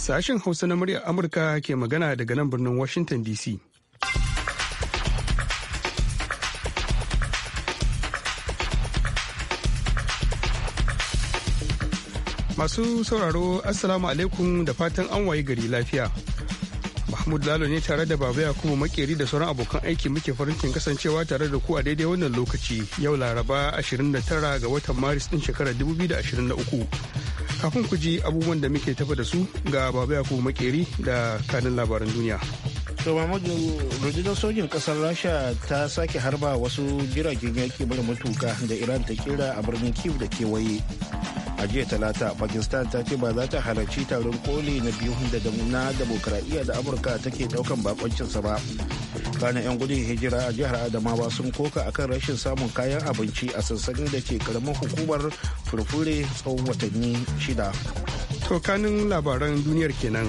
Sashen Hausa na muryar Amurka ke magana daga nan birnin Washington DC. Masu sauraro Assalamu alaikum da fatan an waye gari lafiya. Mahmud Lalo ne tare da Baba Yakubu Makeri da sauran abokan aiki muke farin cikin kasancewa tare da ku a daidai wannan lokaci yau Laraba 29 ga watan Maris din shekarar 2023. Kafin ku ji abubuwan da muke tafa da su ga Baba Yakubu Makeri da kanin labaran duniya. to mamadu rundunar sojin kasar rasha ta sake harba wasu jiragen yaki mara matuka da iran ta kira a birnin kiv da kewaye a jiya talata pakistan ta ce ba za ta halarci taron koli na biyu da na demokradiyya da amurka take daukan bakoncinsa ba kanan 'yan gudun hijira a jihar adamawa sun koka akan rashin samun kayan abinci a sansanin da ke karamin hukumar furfure tsawon watanni shida to labaran duniyar kenan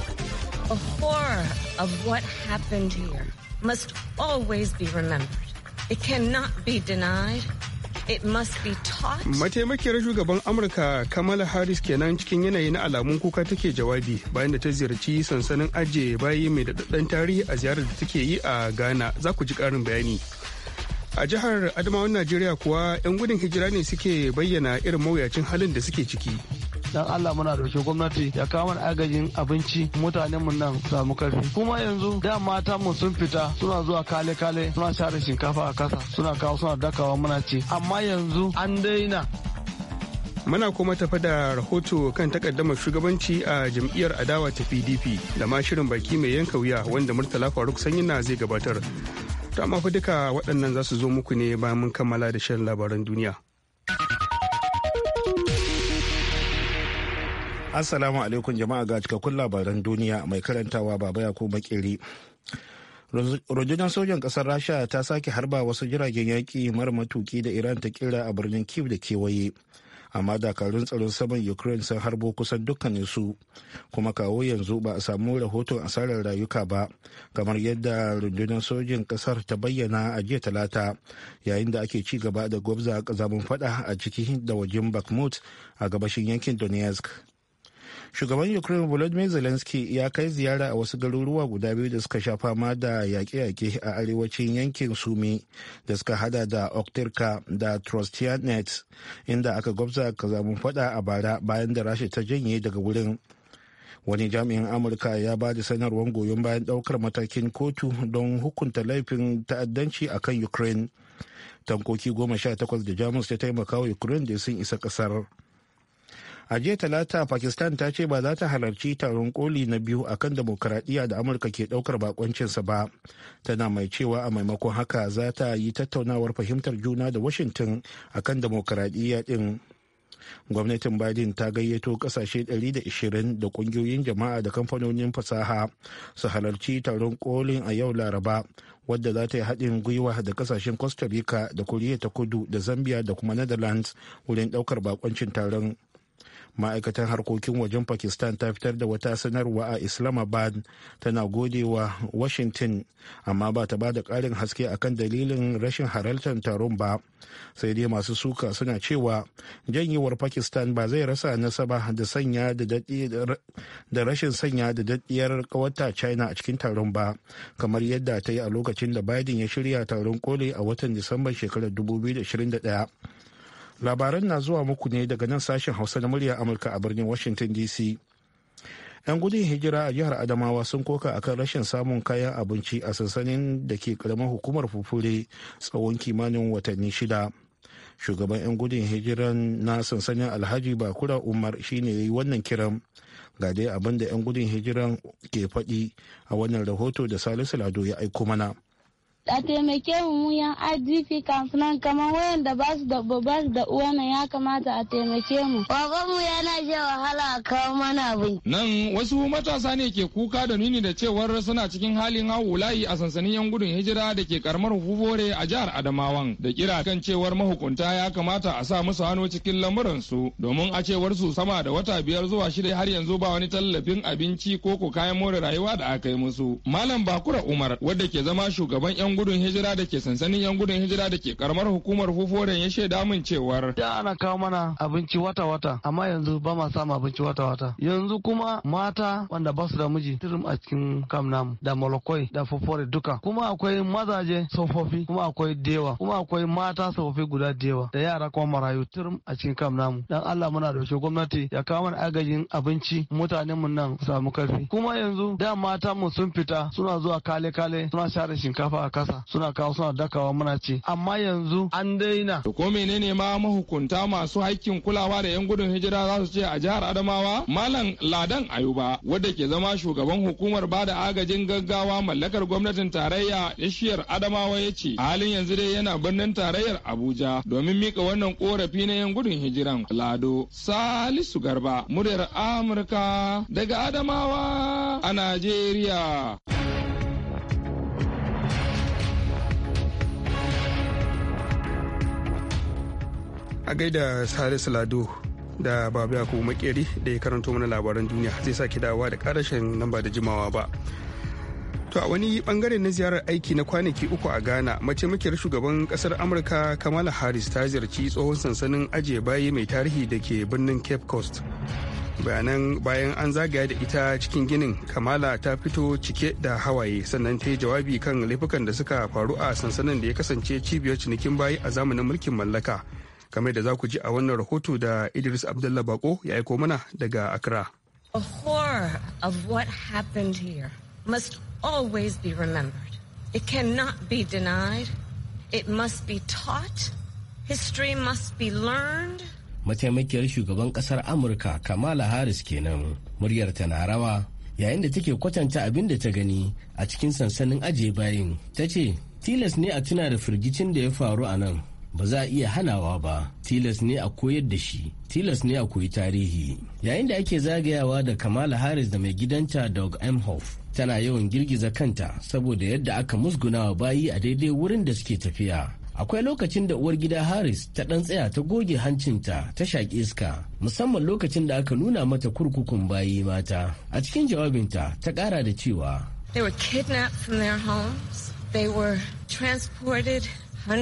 a horror of what happened here must always be remembered it cannot be denied Mataimakiyar shugaban Amurka Kamala Harris kenan cikin yanayi na alamun kuka take jawabi bayan da ta ziyarci sansanin ajiye bayi mai daɗaɗɗen tarihi a ziyarar da take yi a Ghana. Za ku ji ƙarin bayani. A jihar Adamawan Najeriya kuwa 'yan gudun hijira ne suke bayyana irin mawuyacin halin da suke ciki. dan Allah muna da gwamnati ya kawo mana agajin abinci mutanen mu nan samu karfi kuma yanzu da mata mu sun fita suna zuwa kale kale suna share shinkafa a kasa suna kawo suna dakawa muna ci amma yanzu an daina Muna kuma tafa da rahoto kan takaddamar shugabanci a jam'iyyar adawa ta PDP da ma shirin baki mai yanka wuya wanda Murtala Faruk Sanyina zai gabatar. Ta mafi duka waɗannan za su zo muku ne bayan mun kammala da shan labaran duniya. Assalamu alaikum jama'a ga cikakkun labaran duniya mai karantawa baba ya ko makeri. rundunar sojan ƙasar rasha ta sake harba wasu jiragen yaƙi mara matuki da iran ta kira a birnin kiev da kewaye amma dakarun tsaron saman ukraine sun harbo kusan su kuma kawo yanzu ba a samu rahoton asarar rayuka ba kamar yadda rundunar sojin ƙasar ta bayyana a jiya talata yayin da ake ci gaba da gwabza kazamin fada a ciki da wajen bakhmut a gabashin yankin donetsk shugaban ukraine volodymyr zelensky ya kai ziyara a wasu garuruwa guda biyu da suka sha fama da yaƙe-yaƙe a arewacin yankin sumi da suka hada da oktirka da trostianet inda aka gwabza kazamun fada a bara bayan da rasha ta janye daga wurin wani jami'in amurka ya ba da sanarwar goyon bayan daukar matakin kotu don hukunta laifin ta'addanci a kan ukraine tankoki goma sha takwas da jamus ta taimaka wa ukraine da sun isa kasar a jiya talata pakistan ta ce ba za ta halarci taron koli na biyu a kan demokuraɗiyya da amurka ke ɗaukar bakoncinsa ba tana mai cewa a maimakon haka za ta yi tattaunawar fahimtar juna da washington a kan demokuraɗiyya ɗin gwamnatin biden ta gayyato kasashe 120 da kungiyoyin jama'a da kamfanonin fasaha su halarci taron kolin a yau laraba wadda za ta yi haɗin gwiwa da ƙasashen costa rica da koriya ta kudu da zambia da kuma netherlands wurin ɗaukar bakoncin taron ma'aikatan harkokin wajen pakistan ta fitar da wata sanarwa a islamabad tana godewa washington amma ba ta bada karin haske akan dalilin rashin halartar taron ba sai dai masu suka suna cewa janyewar pakistan ba zai rasa nasaba da sanya da rashin sanya da daddiyar kawata china a cikin taron ba kamar yadda ta yi a lokacin da biden ya shirya taron koli a watan disamban shekarar 2021 labaran na zuwa muku ne daga nan sashen hausa na murya amurka a birnin washington dc 'yan gudun hijira a jihar adamawa sun koka akan rashin samun kayan abinci a sansanin da ke karamar hukumar fufure tsawon kimanin watanni shida shugaban 'yan gudun hijiran na sansanin alhaji bakura umar shine ya yi wannan kiran ga dai abin da 'yan gudun hijiran ke faɗi a wannan rahoto da salisu lado ya aiko mana a taimake mu mu yan IDP kamfanin kamar wayanda ba su da ba su da uwa ya kamata a taimake mu. mu yana je wahala a kawo mana abu Nan wasu matasa ne ke kuka da nuni da cewar suna cikin halin layi a sansanin yan gudun hijira da ke karamar hufufore a jihar Adamawan da kira kan cewar mahukunta ya kamata a sa musu hannu cikin lamuransu domin a cewar su sama da wata biyar zuwa shida har yanzu ba wani tallafin abinci ko ko kayan more rayuwa da aka yi musu. Malam Bakura Umar wadda ke zama shugaban yan 'yan gudun hijira da ke sansanin 'yan gudun hijira da ke karamar hukumar fufore ya shaida min cewar. Da ana kawo mana abinci wata-wata amma yanzu ba ma samu abinci wata-wata. Yanzu kuma mata wanda ba su da miji turum a cikin kamnam da malakoi da Fofore duka. Kuma akwai mazaje tsofaffi kuma akwai dewa kuma akwai mata tsofaffi guda dewa da yara kuma marayu turum a cikin kamnam namu. Dan Allah muna da gwamnati ya kawo mana agajin abinci mutanen mu nan samu karfi. Kuma yanzu da mata mu sun fita suna zuwa kale-kale suna share shinkafa a kasa suna kawo suna dakawa muna ce amma yanzu an daina. To ko menene ma mahukunta masu haƙƙin kulawa da 'yan gudun hijira za su ce a jihar Adamawa? Malam Ladan Ayuba wadda ke zama shugaban hukumar ba da agajin gaggawa mallakar gwamnatin tarayya ya shiyar Adamawa ya ce a halin yanzu dai yana birnin tarayyar Abuja domin mika wannan korafi na 'yan gudun hijiran. Lado Salisu Garba muryar Amurka daga Adamawa a Najeriya. a gaida salisu lado da babu kuma makeri da ya karanto mana labaran duniya zai sake dawowa da karashen nan ba da jimawa ba to a wani bangare na ziyarar aiki na kwanaki uku a ghana mace makiyar shugaban kasar amurka kamala harris ta ziyarci tsohon sansanin ajiye bayi mai tarihi da ke birnin cape coast bayanan bayan an zagaya da ita cikin ginin kamala ta fito cike da hawaye sannan ta yi jawabi kan laifukan da suka faru a sansanin da ya kasance cibiyar cinikin bayi a zamanin mulkin mallaka kamar da za ku ji a wannan rahoto da idris abdullah bako ya aiko mana daga accra The horror of what happened here must always be remembered. It cannot be denied. It must be taught. History must be learned. Mataimakiyar shugaban kasar Amurka Kamala Harris kenan muryar ta na rawa yayin da take kwatanta abin da ta gani a cikin sansanin ajiye bayin ta ce tilas ne a tuna da firgicin da ya faru a nan ba za a iya hanawa ba tilas ne a koyar da shi tilas ne a koyi tarihi yayin da ake zagayawa da kamala harris da mai gidanta dog emhoff tana yawan girgiza kanta saboda yadda aka musgunawa bayi a daidai wurin da suke tafiya akwai lokacin da uwar gida harris ta dan tsaya ta goge hancinta ta shaƙi iska musamman lokacin da aka nuna mata kurkukun bayi mata a cikin jawabinta ta ƙara da cewa They were kidnapped from their homes. They were transported An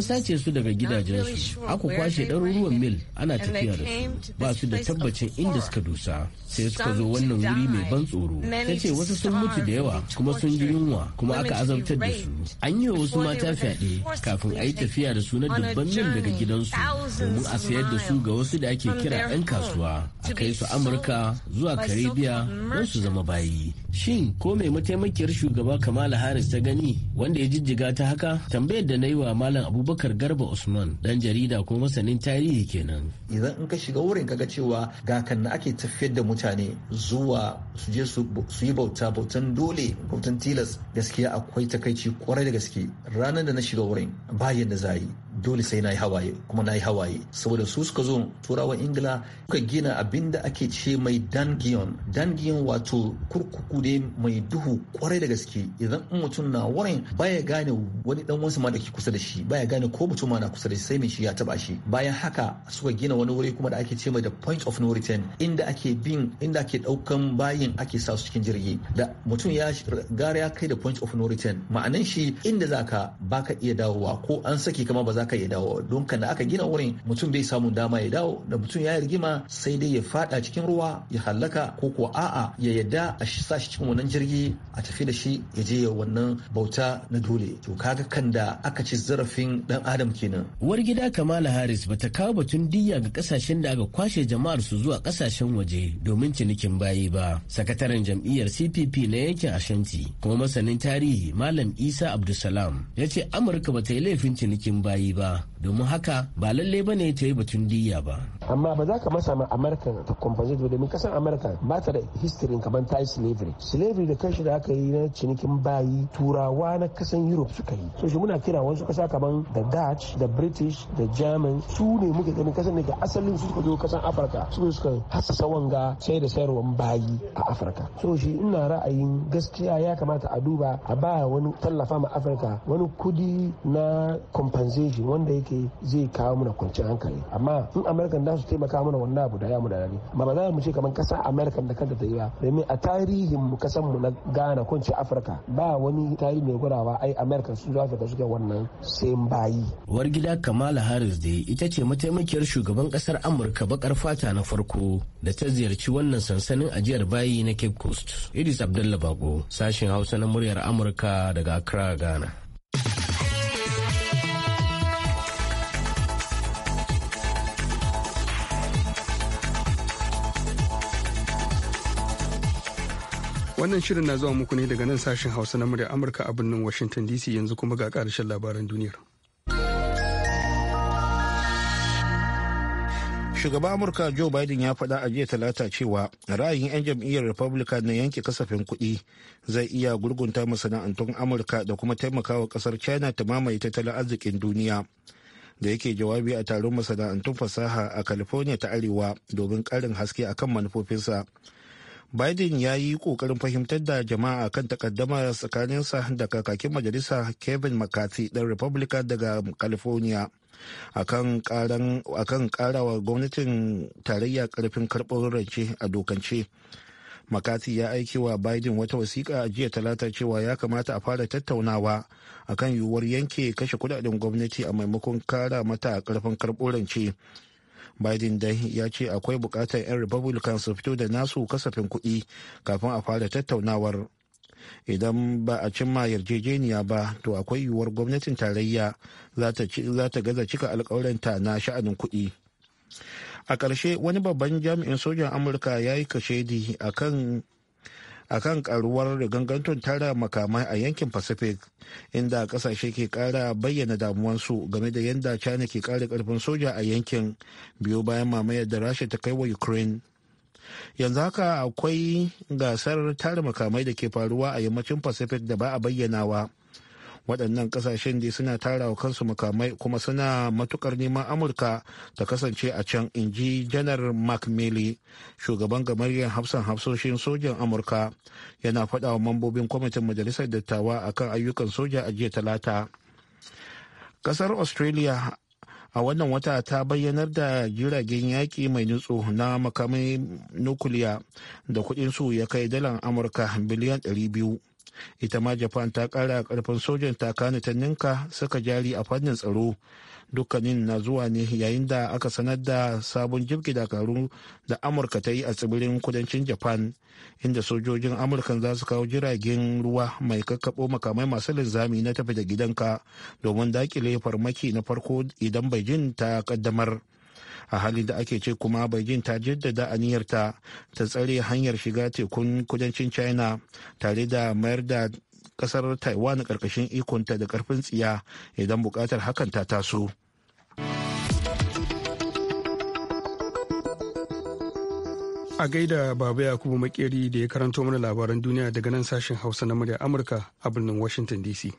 sace su daga gidajensu, aka kwashe ɗaruruwan mil ana tafiya da su, ba su da tabbacin inda suka dusa, sai suka zo wannan wuri mai ban tsoro. Ta ce wasu sun mutu da yawa kuma sun ji yunwa kuma aka azabtar da su. An yi wa wasu mata fyaɗe kafin a yi tafiya da su na dubban mil daga gidansu domin a sayar da su ga wasu da ake kira 'yan kasuwa, a kai su Amurka zuwa Karibiya don su zama bayi. Shin ko mai mataimakiyar shugaba Kamala Harris ta gani wanda ya jijjiga ta haka tambayar da na yi wa malam abubakar garba usman dan jarida ko masanin tarihi kenan idan in ka shiga wurin kaga cewa ga kan ake tafiyar da mutane zuwa su je su yi bauta bautan dole bautan tilas gaskiya akwai takaici kwarai da gaske ranar da na shiga wurin ba yadda za yi dole sai na yi hawaye kuma na yi hawaye saboda su suka zo turawan ingila suka gina abin da ake ce mai dangiyon dangiyon wato kurkuku ne mai duhu kwarai da gaske idan mutum na wurin baya gane wani dan wasu ma da ke kusa da shi baya gane ko mutum ma na kusa da shi sai mai shi ya taba shi bayan haka suka gina wani wuri kuma da ake ce mai da point of no return inda ake bin inda ake daukan bayin ake sa su cikin jirgi da mutum ya gara ya kai da point of no return ma'anan shi inda zaka baka iya dawowa ko an saki kama ba za ka iya dawowa don kan da aka gina wurin mutum bai samun dama ya dawo da mutum ya rigima sai dai ya fada cikin ruwa ya hallaka ko kuwa a'a ya yadda a sa shi cikin wannan jirgi a tafi da shi ya je wannan bauta na dole to kaga kan da aka ci zarafin dan adam kenan uwar gida kamala harris ta kawo batun diyya ga kasashen da aka kwashe jama'ar su zuwa kasashen waje domin cinikin bayi ba sakataren jam'iyyar cpp na yankin ashanti kuma masanin tarihi malam isa abdulsalam ya ce amurka ba ta yi laifin cinikin bayi ba domin haka ba lallai ba ne ta yi batun diyya ba amma ba za ka masa ma amurka ta compensate ba domin kasar amurka ba ta da history kamar ta yi slavery slavery da shi da aka yi na cinikin bayi turawa na kasan europe suka yi so shi muna kira wasu kasa kaman the dutch the british the german su ne muke ganin kasan ne ga asalin su suka zo kasan afirka su ne suka hasasa wanga sai da sayarwan bayi a afirka so shi ina ra'ayin gaskiya ya kamata a duba a ba wani tallafa ma afirka wani kudi na compensation wanda yake zai kawo muna kwanciyar hankali amma in american da su taimaka mana wannan abu da ya mu da rani amma ba za mu ce kaman kasa american da kanta ta yi ba domin a tarihin mu kasan mu na gana kwanci afirka ba wani tarihi mai gwadawa ai american su za su ga wannan sayan bayi. Uwar gida Kamala Harris dai ita ce mataimakiyar shugaban kasar Amurka bakar fata na farko da ta ziyarci wannan sansanin ajiyar bayi na Cape Coast. Idris Abdullah Bago, sashen Hausa na muryar Amurka daga Accra, Ghana. Wannan shirin na zuwa muku ne daga nan sashen Hausa na murya Amurka a birnin Washington DC yanzu kuma ga karshen labaran duniyar. Shugaban Amurka Joe Biden ya faɗa a jiya talata cewa ra'ayin 'yan jam'iyyar Republican na yanke kasafin kuɗi zai iya gurgunta masana'antun Amurka da kuma taimakawa ƙasar China ta mamaye tattalin arzikin duniya. da yake jawabi a taron masana'antun fasaha a california ta arewa domin karin haske akan manufofinsa biden ya yi kokarin fahimtar da jama'a kan takaddama tsakaninsa da kakakin majalisa kevin mccarthy ɗan republican daga california akan karawa gwamnatin tarayya karfin karɓar rance a dokance makati ya aiki wa biden wata wasiƙa a jiya talata cewa ya kamata a fara tattaunawa akan yiwuwar yanke kashe kudaden gwamnati a maimakon kara mata karfin karɓorance biden dai ya ce akwai bukatar 'yan republican su fito da nasu kasafin kuɗi kafin a fara tattaunawar idan ba a cimma yarjejeniya ba to akwai yiwuwar gwamnatin tarayya za ta gaza cika alkawarinta na sha'anin kuɗi a ƙarshe wani babban jami'in sojan amurka ya yi kashedi a kan a kan karuwar ganganton tara makamai a yankin pacific inda kasashe ke kara bayyana damuwansu game da yadda china ke kara karfin soja a yankin biyu bayan mamayar da rasha ta kai wa ukraine yanzu haka akwai gasar tara makamai da ke faruwa a yammacin pacific da ba a bayyanawa. waɗannan ƙasashen dai suna tara kansu makamai kuma suna matukar neman amurka ta kasance a can in ji janar mark milley shugaban gamaryar hafsan hafsoshin sojan amurka yana faɗa wa mambobin kwamitin majalisar dattawa akan ayyukan soja a jiya talata ƙasar australia a wannan wata ta bayyanar da jiragen yaƙi mai nutso na makamai nukuliya da kuɗin su ya kai dalar amurka biliyan 200 ita ma japan ta kara karfin sojan takana ta ninka saka jari a fannin tsaro dukkanin na zuwa ne yayin da aka sanar da sabon jirgi dakaru da amurka ta yi a tsibirin kudancin japan inda sojojin amurkan za su kawo jiragen ruwa mai kakkaɓo makamai masu linzami na tafi da gidanka domin dakile farmaki na farko idan beijing ta kaddamar a halin da ake ce kuma beijing ta jaddada aniyarta ta tsare hanyar shiga tekun kudancin china tare da mayar da kasar taiwan karkashin ikonta da karfin tsiya idan bukatar hakan ta taso a gaida baba yakubu makeri da ya karanto mana labaran duniya daga nan sashen hausa na murya amurka a birnin washington dc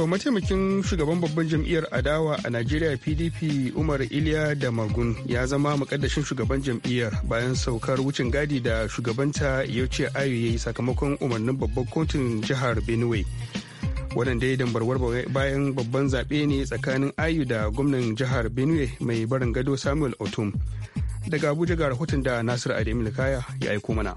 To mataimakin shugaban babban jam'iyyar adawa a Najeriya PDP Umar Iliya da Magun ya zama makaddashin shugaban jam'iyyar bayan saukar wucin gadi da shugabanta Yauce Ayu ya yi sakamakon umarnin babban kotun jihar Benue. Wannan dai dambarwar bayan babban zaɓe ne tsakanin Ayu da gwamnan jihar Benue mai barin gado Samuel Otum. Daga Abuja ga rahoton da Nasiru Adeyemi Kaya ya aiko mana.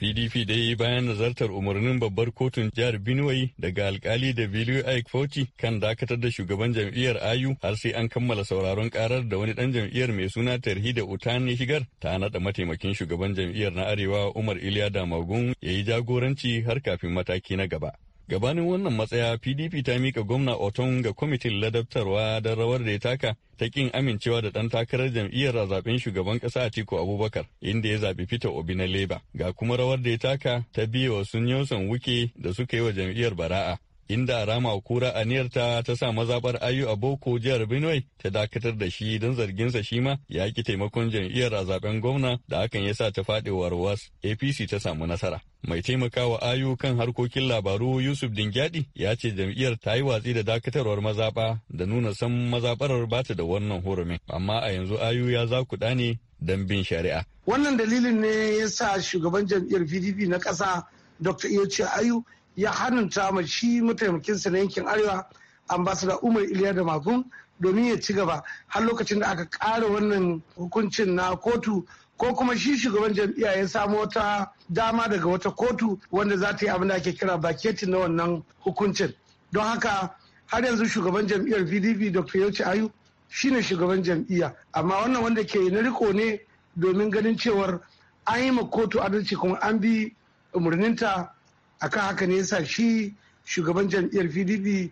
PDP da yi bayan nazartar umarnin babbar kotun jihar Benue daga alkali da Billy Ike Fauci kan dakatar da shugaban jam'iyyar Ayu har sai an kammala sauraron karar da wani dan jam'iyyar mai suna tarhi da Utani shigar ta nada mataimakin shugaban jam'iyyar na Arewa Umar Iliya Damagun ya yi jagoranci har kafin mataki na gaba. Gabanin wannan matsaya PDP ta mika gwamna Oton ga kwamitin ladabtarwa don rawar da ya taka ta kin amincewa da ɗan takarar jam'iyyar a zaben shugaban ƙasa Atiku Abubakar inda ya zaɓi Peter Obi na Leba. Ga kuma rawar da ya taka ta biya wa Sun Yosan Wuke da suka yi wa jam'iyyar Bara'a inda rama kura aniyarta ta sa mazabar ayu a boko jihar benue ta dakatar da shi don zarginsa shi ma ya ki taimakon jam'iyyar a zaben gwamna da hakan ya sa ta faɗi warwas apc ta samu nasara mai taimakawa ayu kan harkokin labaru yusuf dingyadi ya ce jam'iyyar ta yi watsi da dakatarwar mazaba da nuna san mazabarar ba ta da wannan hurumin amma a yanzu ayu ya ku ne don bin shari'a wannan dalilin ne ya sa shugaban jam'iyyar pdp na ƙasa dr iyoci ayu ya hannunta ma shi mataimakinsa na yankin arewa ambasada umar iliya da magun domin ya ci gaba har lokacin da aka kara wannan hukuncin na kotu ko kuma shi shugaban jam'iyya ya samu wata dama daga wata kotu wanda za ta yi abin da ake kira baketin na wannan hukuncin don haka har yanzu shugaban jam'iyyar pdp dr yauci ayu shine shugaban jam'iyya amma wannan wanda ke na riko ne domin ganin cewar an yi ma kotu adalci kuma an bi umarninta akan haka ne yasa shi shugaban jam'iyyar pdp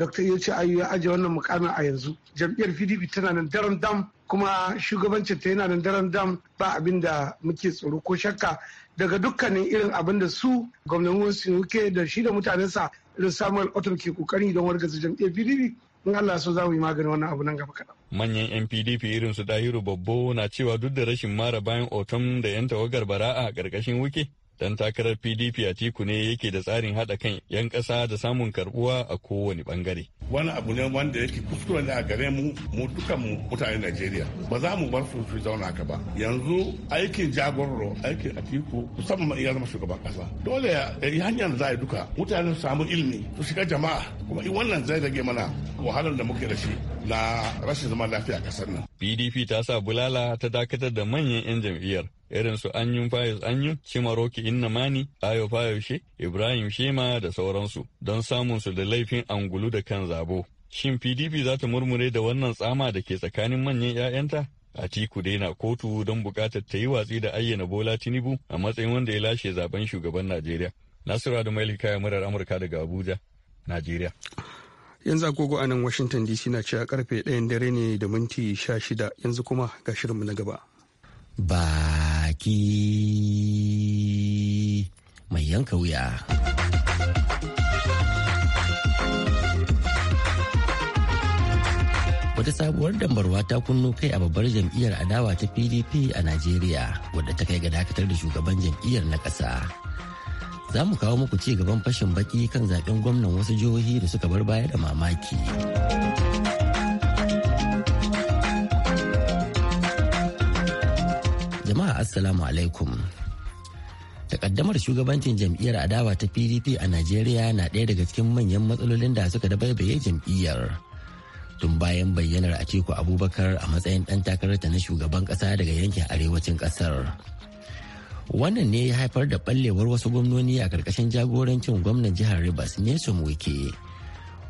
dr yace ayu ya aje wannan mukamin a yanzu jam'iyyar pdp tana nan daren dam kuma shugabancin ta yana nan daren dam ba abin da muke tsoro ko shakka daga dukkanin irin abin da su gwamnan wasu da shi da mutanensa irin samuel otom ke kokari don wargaza jam'iyyar pdp in Allah so za mu yi maganin wannan abu nan gaba kaɗan. Manyan 'yan PDP irin su Dahiru Babbo na cewa duk da rashin mara bayan otom da 'yan tawagar bara'a ƙarƙashin wuke Dan takarar PDP a tiku ne yake da tsarin hada kan 'yan kasa da samun karbuwa a kowane bangare. Wani abu ne wanda yake kuskure ne a gare mu mu dukan mu mutanen Najeriya. Ba za mu bar su su zauna haka ba. Yanzu aikin jagororo aikin a tiku musamman ya zama shugaban kasa Dole ya yi hanyar za a duka mutane su samu ilimi su shiga jama'a kuma wannan zai rage mana wahalar da muke da shi na rashin zaman lafiya a kasar nan. PDP ta sa bulala ta dakatar da manyan 'yan jam'iyyar irin su anyun fayos anyun inna mani ayo fayoshe ibrahim shema da sauransu don samun su da laifin angulu da kan zabo shin pdp za ta murmure da wannan tsama da ke tsakanin manyan 'ya'yanta a tiku daina kotu don bukatar ta yi watsi da ayyana Bola Tinubu a matsayin wanda ya lashe zaben shugaban Najeriya. Nasiru Adamu Kaya murar Amurka daga Abuja, Najeriya. yanzu agogo a nan washington dc na cewa karfe ɗayan dare ne da minti shida yanzu kuma ga shirinmu na gaba baki mai yanka wuya wata sabuwar dambarwa ta kunno kai a babbar jam'iyyar adawa ta pdp a najeriya wadda ta kai ga dakatar da shugaban jam'iyyar na ƙasa za mu kawo muku ci gaban fashin baki kan zaben gwamnan wasu jihohi da suka bar baya da mamaki. Jama'a Assalamu alaikum. Takaddamar shugabancin jam'iyyar adawa ta PDP a Najeriya na ɗaya daga cikin manyan matsalolin da suka dabaibaye jam'iyyar. Tun bayan bayyanar Atiku Abubakar a matsayin ɗan takararta na shugaban ƙasa daga yankin arewacin ƙasar. wannan ne ya haifar da ɓallewar wasu gwamnoni a ƙarƙashin jagorancin gwamnan jihar rivers nelson wike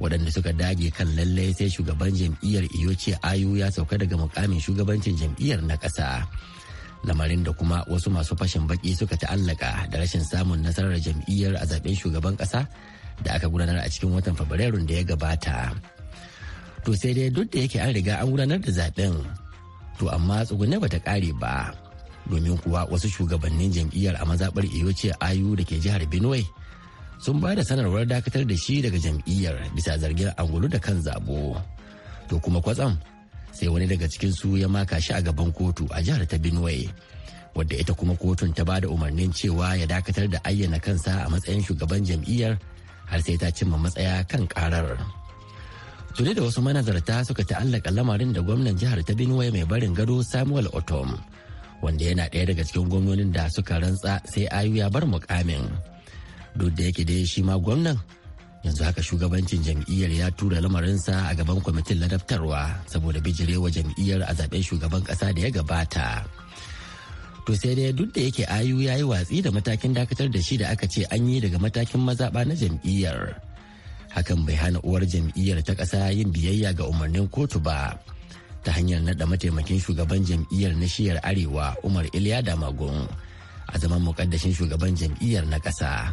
waɗanda suka dage kan lallai sai shugaban jam'iyyar iyoce ayu ya sauka daga mukamin shugabancin jam'iyyar na ƙasa lamarin da kuma wasu masu fashin baki suka ta'allaka da rashin samun nasarar jam'iyyar a zaɓen shugaban ƙasa da aka gudanar a cikin watan fabrairun da ya gabata to sai dai duk da yake an riga an gudanar da zaɓen to amma tsugune bata ƙare ba domin kuwa wasu shugabannin jam'iyyar a mazaɓar ce ayu da ke jihar benue sun ba da sanarwar dakatar da shi daga jam'iyyar bisa zargin angulu da kan zabo to kuma kwatsam sai wani daga cikin su ya maka shi a gaban kotu a jihar ta benue wadda ita kuma kotun ta ba da umarnin cewa ya dakatar da ayyana kansa a matsayin shugaban jam'iyyar har sai ta cimma matsaya kan karar tuni da wasu manazarta suka ta'allaka lamarin da gwamnan jihar ta benue mai barin gado samuel otom wanda yana ɗaya daga cikin gwamnonin da suka rantsa sai ayu ya bar mukamin duk da yake dai shi ma gwamnan yanzu haka shugabancin jam'iyyar ya tura lamarinsa a gaban kwamitin ladabtarwa saboda bijirewa jam'iyyar a zaɓen shugaban ƙasa da ya gabata to sai dai duk da yake ayu ya yi watsi da matakin dakatar da shi da aka ce an yi daga matakin mazaɓa na jam'iyyar hakan bai hana uwar jam'iyyar ta ƙasa yin biyayya ga umarnin kotu ba ta hanyar naɗa mataimakin shugaban jam'iyyar na shiyar arewa umar iliya damagun a zaman mukaddashin shugaban jam'iyyar na ƙasa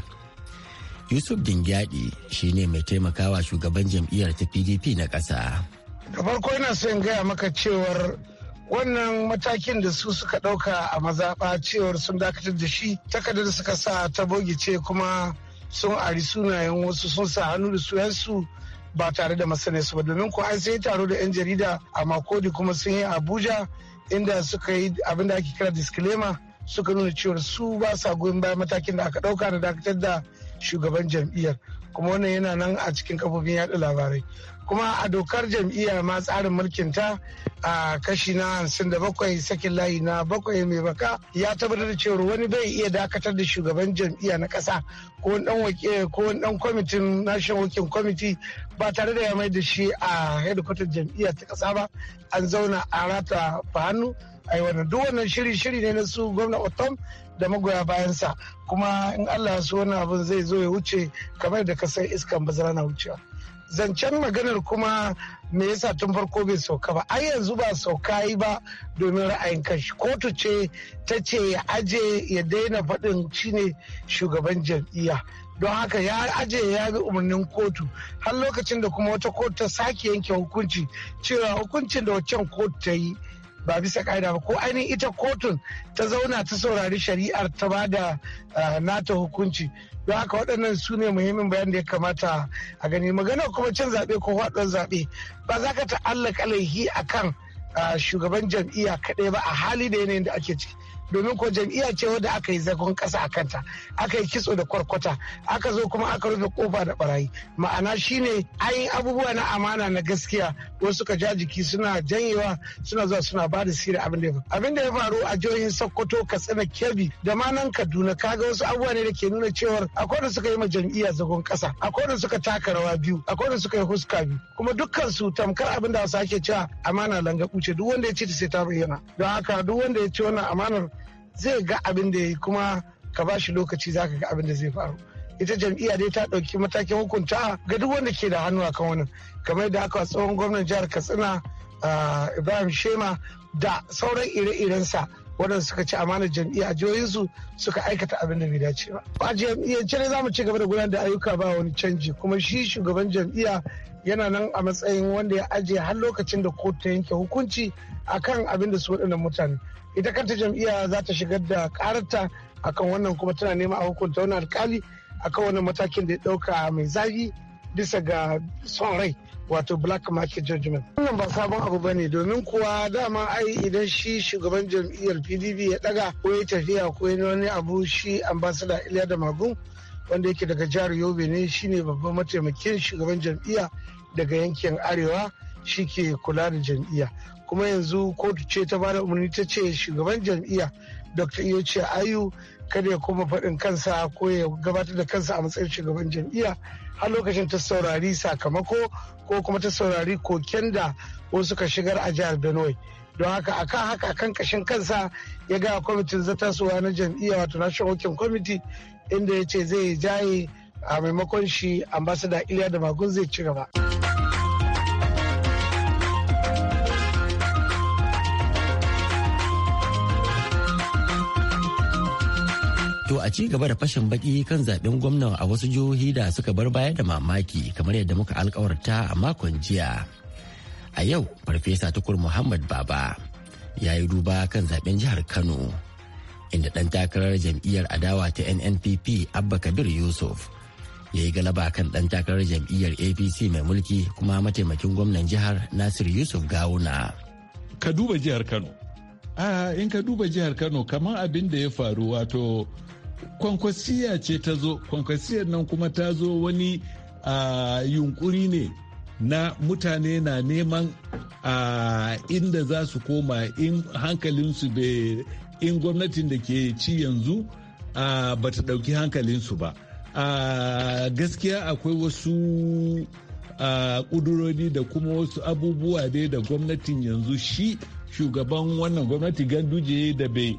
yusuf dingyadi ne mai taimakawa shugaban jam'iyyar ta pdp na ƙasa da farko yana son gaya maka cewar wannan matakin da su suka ɗauka a mazaɓa cewar sun dakatar da shi takardar suka sa ta bogice kuma sun ari sunayen wasu sun sa hannu da su yansu ba tare da su ba domin ko an sai taro da 'yan jarida a makodi kuma sun yi abuja inda suka yi abin da ake kira disclaimer suka nuna cewar su ba sa goyon bayan matakin da aka dauka da dakatar da shugaban jam'iyyar kuma wannan yana nan a cikin kafofin yaɗa labarai kuma a dokar jam'iyyar ma tsarin mulkin ta a kashi na hamsin da bakwai sakin layi na bakwai mai baka ya tabbatar da cewa wani bai iya dakatar da shugaban jam'iyya na kasa ko dan wake ko dan kwamitin national working committee ba tare da ya mai da shi a headquarter jam'iyya ta kasa ba an zauna a rata fa hannu yi wannan duk wannan shiri shiri ne na su gwamna otom da magoya bayansa kuma in allah su so wani abin zai zo ya wuce kamar da ka san iskan bazara na wucewa zancen maganar kuma me yasa tun farko bai sauka ba ai yanzu ba sauka yi ba domin ra'ayin kashi kotu ce ta ce ya aje ya daina faɗin shine shugaban jam'iyya don haka ya aje ya bi umarnin kotu har lokacin da kuma wata kotu ta sake yanke hukunci cewa hukuncin da waccan kotu ta yi ba bisa ka'ida ba ko ainihin ita kotun ta zauna ta saurari shari'ar ta ba da eh, nata hukunci don haka waɗannan su ne muhimmin bayan da ya kamata a gani magana kuma cin zaɓe ko faɗuwar zaɓe ba za ka ta'allaka laifi kan ah, shugaban jam'iyya kaɗai ba a hali da yanayin da ake ciki domin ko jam'iyya ce wadda aka yi zagon kasa a kanta aka yi kitso da kwarkwata aka zo kuma aka rufe kofa da barayi ma'ana shine ayin abubuwa na amana na gaskiya wasu suka ja suna janyewa suna zuwa suna ba da sirri abin da ya faru abin da ya faru a jihohin sokoto katsina kebbi da ma nan kaduna kaga wasu abubuwa ne da ke nuna cewar akwai da suka yi ma jam'iyya zagon kasa akwai da suka taka rawa biyu akwai da suka yi huska biyu kuma dukkan su tamkar abin da wasu ake cewa amana langa kuce duk wanda ya ce ta sai ta bayyana don haka duk wanda ya ce wannan amanar zai ga abin da ya yi kuma ka ba shi lokaci za ka ga abin da zai faru ita jam'iyya dai ta ɗauki matakin hukunta ga duk wanda ke da hannu a kan wannan kamar da aka tsohon gwamnan jihar katsina ah, ibrahim shema da sauran ire-irensa waɗanda suka ci amanar jam'iyya a jihohinsu suka aikata abin da bai dace ba. jam'iyya ce ne za mu ci gaba da gudanar da ayyuka ba wani canji kuma shi shugaban jam'iyya yana nan a matsayin wanda ya ajiye har lokacin da kotu ta yanke hukunci akan abin da su waɗannan mutane. ita kanta jam'iyya za ta shigar da karata akan wannan kuma tana neman a hukunta wani alkali akan wannan matakin da ya dauka mai zagi bisa ga son rai wato black market judgment wannan ba sabon abu ba ne domin kuwa dama ai idan shi shugaban jam'iyyar pdp ya daga ko ya tafiya ko ya wani abu shi Ambasada iliya da magun wanda yake daga jihar yobe ne shine babban mataimakin shugaban jam'iyya daga yankin arewa shi ke kula da jam'iyya kuma yanzu kotu ce ta bada umarni ta ce shugaban jam'iyya dr iyoci ayu kada ya koma faɗin kansa ko ya gabatar da kansa a matsayin shugaban jam'iyya har lokacin ta saurari sakamako ko kuma ta saurari koken da wasu ka shigar a jihar benue don haka a kan haka kan kashin kansa ya ga kwamitin zatasowa na jam'iyya wato national working committee inda ya ce zai jaye a maimakon shi ambassador iliya da magun zai ci gaba. To a ci gaba da fashin baki kan zaben gwamnan a wasu jihohi da suka bar baya da mamaki kamar yadda muka alkawarta a makon jiya. A yau Farfesa Tukur Muhammad Baba ya yi duba kan zaben jihar Kano inda ɗan takarar jam'iyyar adawa ta NNPP Abba Kabir Yusuf ya yi galaba kan ɗan takarar jam'iyyar APC mai mulki kuma mataimakin gwamnan jihar Nasir Yusuf Gawuna. Ka duba jihar Kano. a ah, in ka duba jihar kano kamar abin da ya faru wato kwankwasiya ce ta zo kwankwasiyar nan kuma ta zo wani yunkuri ne na mutane na neman a inda za su koma in hankalinsu be in gwamnatin da ke ci yanzu ba ta ɗauki hankalinsu ba gaskiya akwai wasu a da kuma wasu abubuwa dai da gwamnatin yanzu shi shugaban wannan gwamnati ganduje da bai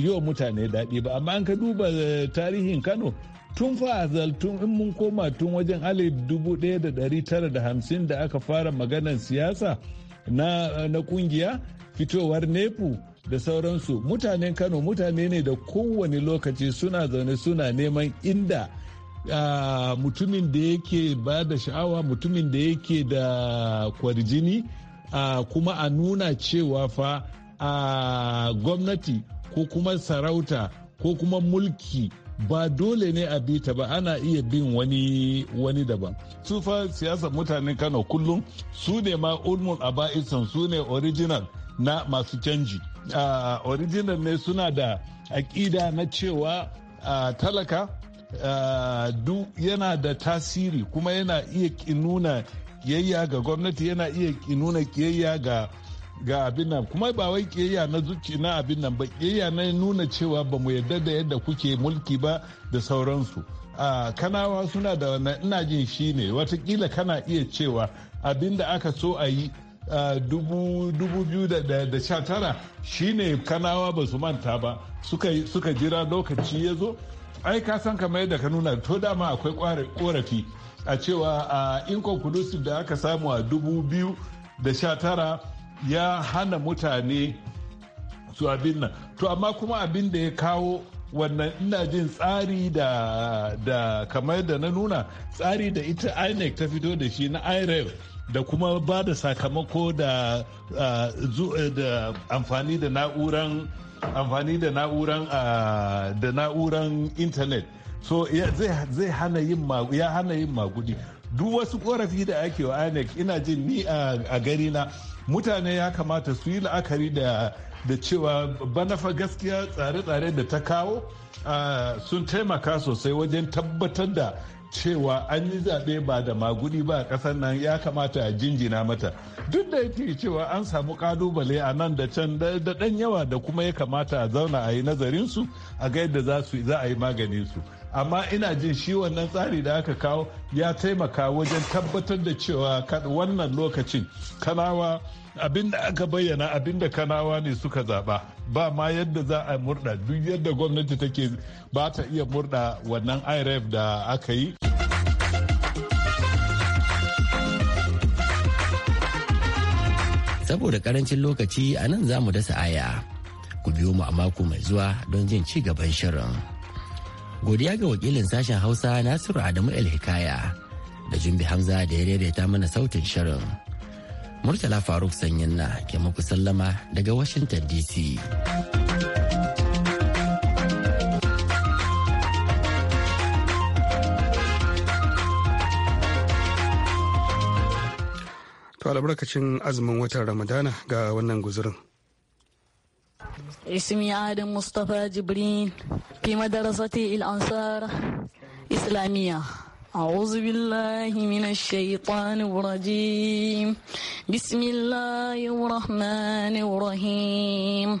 yi wa mutane daɗi ba amma an ka duba eh, tarihin kano tun fa tun in mun koma tun wajen alif dubu ɗaya da ɗari tara da hamsin da aka fara maganar siyasa na, eh, na kungiya fitowar nepu da sauransu mutanen kano mutane ne da kowane lokaci suna zaune suna neman inda uh, mutumin da yake ba da sha'awa mutumin da yake da kwarjini uh, kuma a nuna cewa fa a gwamnati ko kuma sarauta ko kuma mulki ba dole ne a bi ta ba ana iya bin wani wani daban su fa siyasa mutanen kano kullum su ne ma ulmul aba'isan su ne original na masu canji uh, original ne suna da aƙida na cewa uh, talaka uh, duk yana da tasiri kuma yana iya nuna kiyayya ga gwamnati yana iya nuna kiyayya ga ga abin nan kuma ba wai kiyayya na zuci na abin nan ba kiyayya na nuna cewa ba mu yarda da yadda kuke mulki ba da sauransu a kanawa suna da wannan ina jin shi ne watakila kana iya cewa abin da aka so a yi tara ne kanawa ba su manta ba suka jira lokaci ya zo ai ka san kamar yadda ka nuna to dama akwai korafi a cewa a inconclusive da aka samu a dubu da sha tara ya hana mutane su abin nan to amma kuma abin da ya kawo wannan ina jin tsari da da kamar da na nuna tsari da ita inec ta fito da shi na iref da kuma ba da sakamako eh, da amfani da na'uran amfani da na'uran da na'uran intanet so zai hana yin ya hana yin magudi duk wasu korafi da ake wa inec ina jin ni a gari na mutane ya kamata su yi la'akari da cewa bana fa gaskiya tsare-tsare da ta kawo sun taimaka sosai wajen tabbatar da cewa an yi zaɓe ba da magudi ba a ƙasar nan ya kamata a jinjina mata duk da yake cewa an samu ƙalubale a nan da can da ɗan yawa da kuma ya kamata a zauna a yi nazarinsu a ga yadda za a yi maganinsu. amma ina jin shi wannan tsari da aka kawo ya taimaka wajen tabbatar da cewa wannan lokacin kanawa abin da aka bayyana abin da kanawa ne suka zaba ba ma yadda za a murda duk yadda gwamnati take ba ta iya murda wannan irf da aka yi saboda karancin lokaci a nan za mu dasa aya ku biyo mu a mako mai zuwa don jin ci gaban shirin. godiya ga wakilin sashen hausa nasiru adamu el-hikaya da jimbi hamza da ya daidaita mana sautin shirin murtala faruk sanyin na ke muku sallama daga washington dc to albarkacin azumin watan ramadana ga wannan guzurin اسمي آدم مصطفى جبرين في مدرسة الأنصار إسلامية أعوذ بالله من الشيطان الرجيم بسم الله الرحمن الرحيم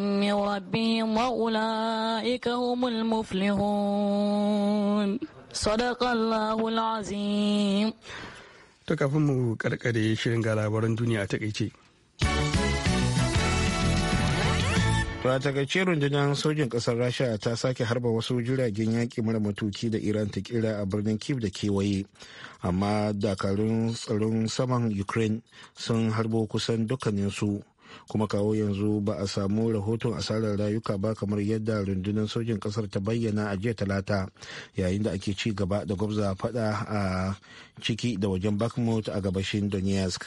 من ربهم وأولئك هم المفلحون صدق الله العظيم ta kafin mu karkare shirin ga duniya a rundunar sojin ƙasar rasha ta sake harba wasu jiragen yaƙi mara matuki da iran ta kira a birnin kiev da kewaye amma dakarun tsaron saman ukraine sun harbo kusan dukkaninsu kuma kawo yanzu ba a samu rahoton asarar rayuka ba kamar yadda rundunar sojin kasar ta bayyana a jiya talata yayin da ake ci gaba da gwabza fada a ciki da wajen bakmut a gabashin donetsk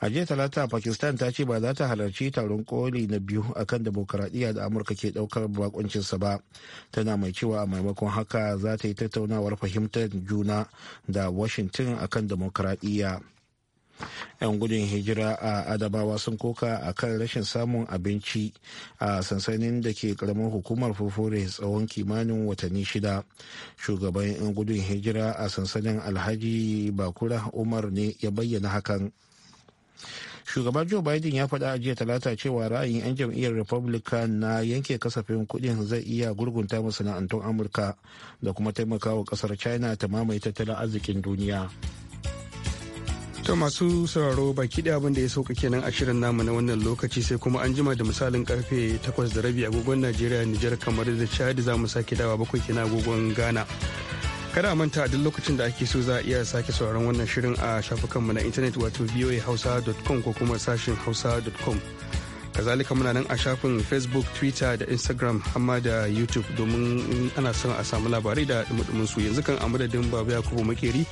a jiya talata pakistan ta ce ba za ta halarci taron koli na biyu akan demokuraɗiyya da amurka ke ɗaukar bakuncinsa ba tana mai cewa a maimakon haka za ta yi tattaunawar fahimtar juna da washington akan demokaradiyya 'yan gudun hijira a adabawa sun koka a kan rashin samun abinci a sansanin da ke karamin hukumar fufure tsawon kimanin watanni shida shugaban 'yan gudun hijira a sansanin alhaji bakura umar ne ya bayyana hakan shugaban joe biden ya faɗa a jiya talata cewa ra'ayin 'yan jam'iyyar republican na yanke kasafin kuɗin zai iya gurgunta masana'antun amurka da kuma taimakawa kasar china ta mamaye tattalin arzikin duniya To masu sauraro baki ɗaya abin da ya sauka kenan a shirin namu na wannan lokaci sai kuma an jima da misalin karfe 8 da rabi agogon Najeriya Nijar kamar da Chad za mu sake dawa bakwai kenan agogon Ghana. Kada a manta duk lokacin da ake so za a iya sake sauraron wannan shirin a shafukanmu na intanet wato voahausa.com ko kuma sashin hausa.com. Kazalika muna nan a shafin Facebook, Twitter da Instagram amma da YouTube domin ana son a samu labarai da dumudumin su yanzu kan a madadin Baba Yakubu Makeri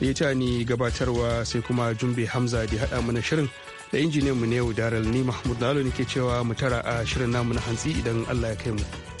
da ita ni gabatarwa sai kuma jumbe hamza da haɗa mana shirin da injiniyan mu ne yau daral ni mahmud lalo ne ke cewa mu tara a shirin namu na hantsi idan allah ya kai mu.